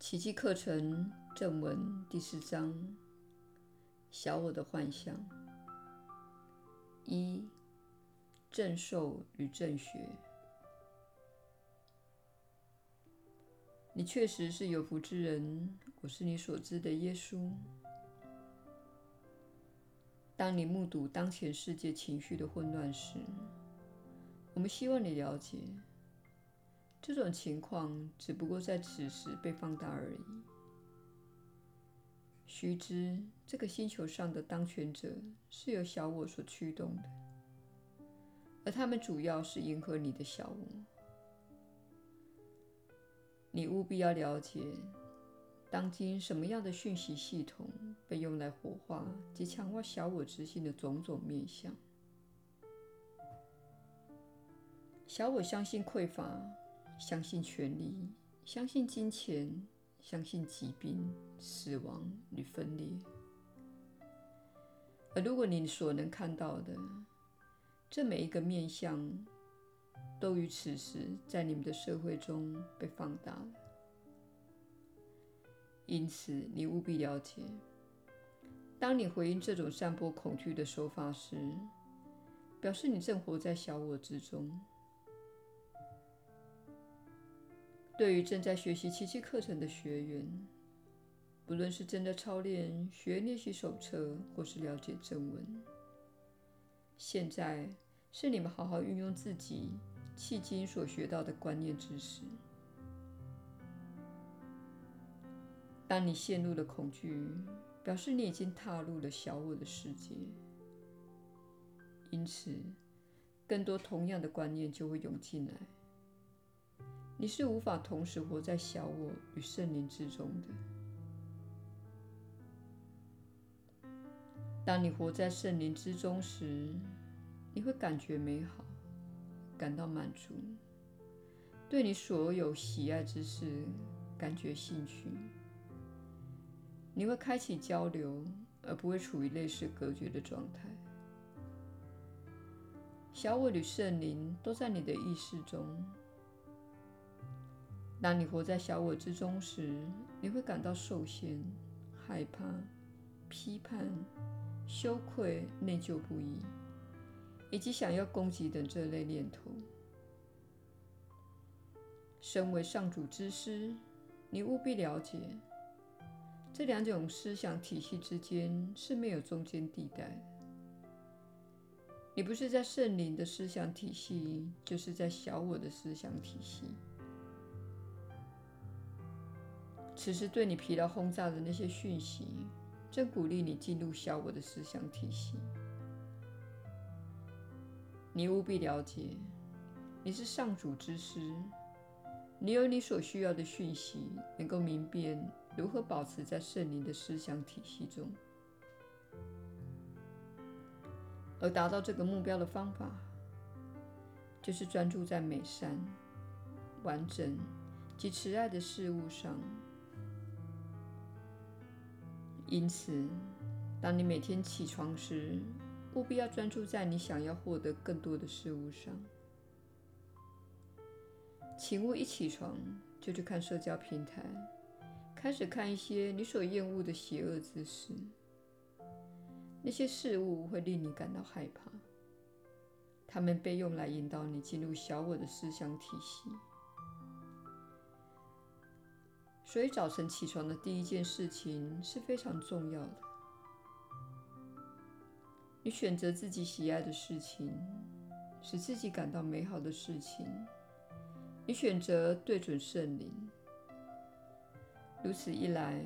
奇蹟課程正文第四章：小我的幻相。一、正授與正學。你確實是有福之人，我是你所知的耶穌。當你目睹當前世界情勢的混亂時，我們希望你了解。這種情況只不過在此時被放大而已。須知，這個星球上的當權者是由小我所驅動的，而他們主要是迎合你的小我。你務必要了解，當今什麼樣的訊息系統被用來活化及強化小我之心的種種面向。小我相信匱乏，相信權力，相信金錢，相信疾病、死亡與分裂。而如果你所能看到的這每一個面向，都於此時在你們的社會中被放大了，因此你務必了解：當你回應這種散播恐懼的手法時，表示你正活在小我之中。對於正在學習奇蹟課程的學員，不論是正在操練、學員練習手冊，或是了解正文，現在是你們好好運用自己迄今所學到的觀念之時。當你陷入了恐懼，表示你已經踏入了小我的世界，因此，更多同樣的觀念就會湧進來。你是無法同時活在小我與聖靈之中的。當你活在聖靈之中時，你會感覺美好，感到滿足，對你所有喜愛之事感覺興趣。你會開啟交流，而不會處於類似隔絕的狀態。小我與聖靈都在你的意識中。當你活在小我之中時，你會感到受限、害怕、批判、羞愧、內疚不已，以及想要攻擊等這類念頭。身為上主之師，你務必了解，這兩種思想體系之間是沒有中間地帶。你不是在聖靈的思想體系，就是在小我的思想體系。此時對你疲勞轟炸的那些訊息，正鼓勵你進入小我的思想體系。你務必了解，你是上主之師，你有你所需要的訊息，能夠明辨如何保持在聖靈的思想體系中。而達到這個目標的方法，就是專注在美善、完整及慈愛的事物上。因此，當你每天起床時，務必要專注在你想要獲得更多的事物上。請勿一起床就去看社交平台，開始看一些你所厭惡的邪惡之事。那些事物會令你感到害怕，它們被用來引導你進入小我的思想體系。所以早晨起床的第一件事情是非常重要的。你選擇自己喜愛的事情，使自己感到美好的事情。你選擇對準聖靈，如此一來，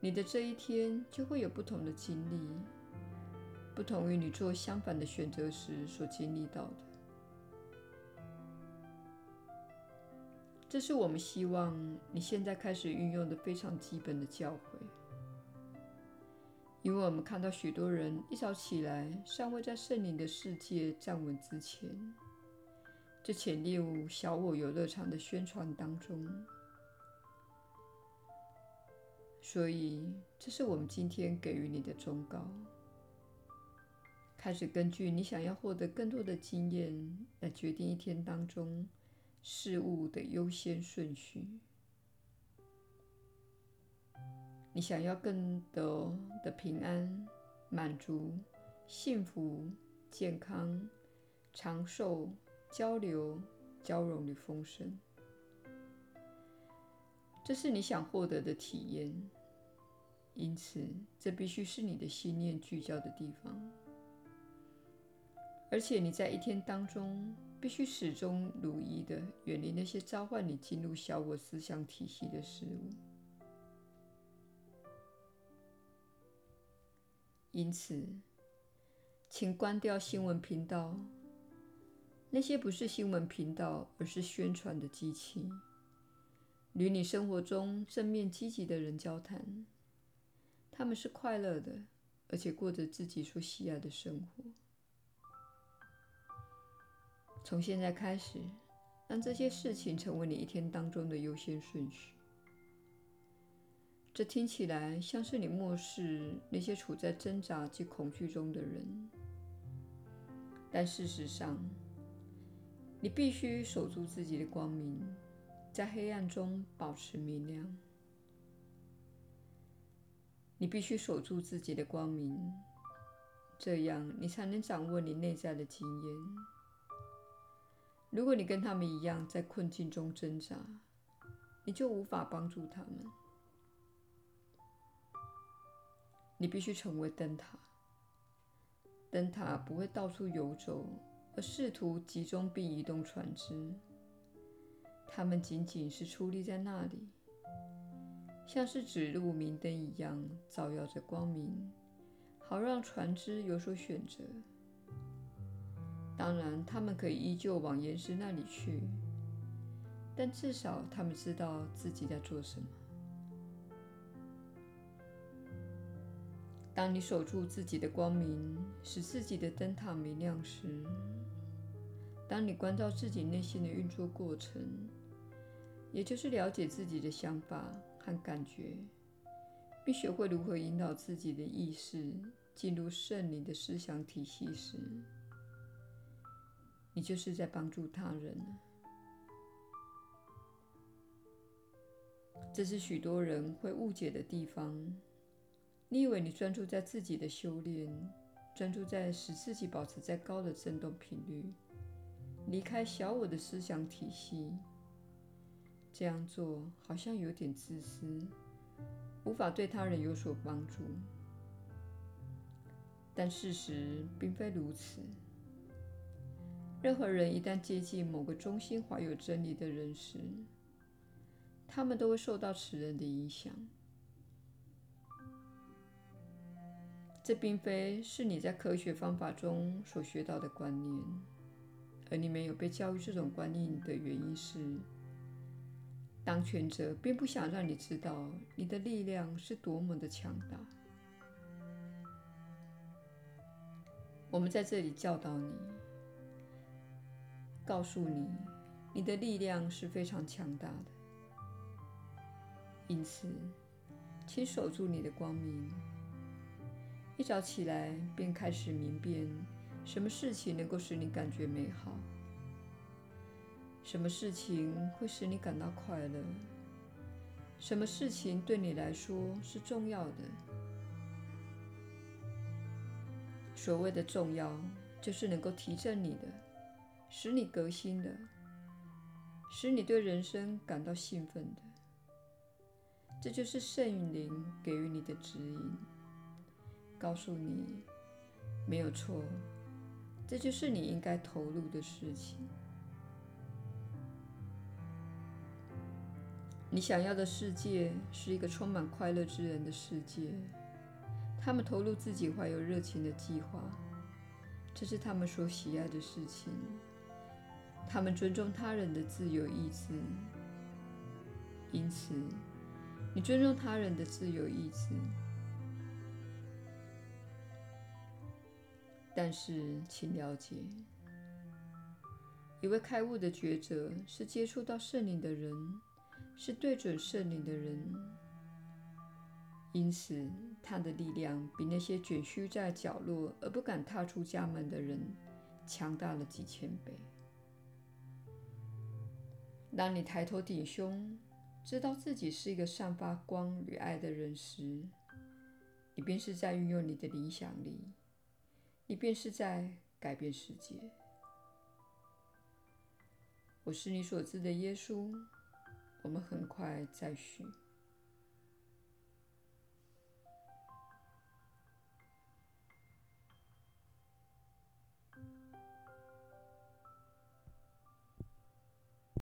你的這一天就會有不同的經歷，不同於你做相反的選擇時所經歷到的。這是我們希望你現在開始運用的非常基本的教誨，因為我們看到許多人一早起來，尚未在聖靈的世界站穩之前，就潛入小我遊樂場的宣傳當中。所以，這是我們今天給予你的忠告：開始根據你想要獲得更多的經驗來決定一天當中。事物的優先順序，你想要更多的平安、滿足、幸福、健康、長壽、交流、交融與豐盛，這是你想獲得的體驗。因此，這必須是你的心念聚焦的地方，而且你在一天當中。必須始終如一的遠離那些召喚你進入小我思想體系的事物。因此，請關掉新聞頻道，那些不是新聞頻道，而是宣傳的機器。與你生活中正面積極的人交談，他們是快樂的，而且過着自己所喜愛的生活。從現在開始，讓這些事情成為你一天當中的優先順序。這聽起來像是你漠視那些處在掙扎及恐懼中的人，但事實上，你必須守住自己的光明，在黑暗中保持明亮。你必須守住自己的光明，這樣你才能掌握你內在的經驗。如果你跟他們一樣在困境中掙扎，你就無法幫助他們。你必須成為燈塔。燈塔不會到處遊走，而試圖集中並移動船隻。他們僅僅是矗立在那裡，像是指路明燈一樣，照耀着光明，好讓船隻有所選擇。當然，他們可以依舊往岩石那裡去，但至少他們知道自己在做什麼。當你守住自己的光明，使自己的燈塔明亮時，當你關照自己內心的運作過程，也就是了解自己的想法和感覺，並學會如何引導自己的意識進入聖靈的思想體系時，你就是在幫助他人，這是許多人會誤解的地方。你以為你專注在自己的修煉，專注在使自己保持在高的振動頻率，離開小我的思想體系，這樣做好像有點自私，無法對他人有所幫助。但事實並非如此。任何人一旦接近某個心中懷有真理的人時，他們都會受到此人的影響。這並非是你在科學方法中所學到的觀念，而你沒有被教育這種觀念的原因是，當權者並不想讓你知道你的力量是多麼的強大。我們在這裡教導你。告訴你，你的力量是非常強大的。因此，請守住你的光明。一早起來，便開始明辨：什麼事情能夠使你感覺美好？什麼事情會使你感到快樂？什麼事情對你來說是重要的？所謂的重要，就是能夠提振你的。使你革新的，使你對人生感到興奮的，這就是聖靈給予你的指引，告訴你沒有錯，這就是你應該投入的事情。你想要的世界是一個充滿快樂之人的世界，他們投入自己懷有熱情的計劃，這是他們所喜愛的事情。他們尊重他人的自由意志，因此你尊重他人的自由意志。但是，請了解，一位開悟的覺者是接觸到聖靈的人，是對準聖靈的人，因此他的力量比那些蜷縮在角落而不敢踏出家門的人強大了幾千倍。當你抬頭挺胸，知道自己是一個散發光與愛的人時，你便是在運用你的影響力，你便是在改變世界。我是你所知的耶穌，我們很快再敘。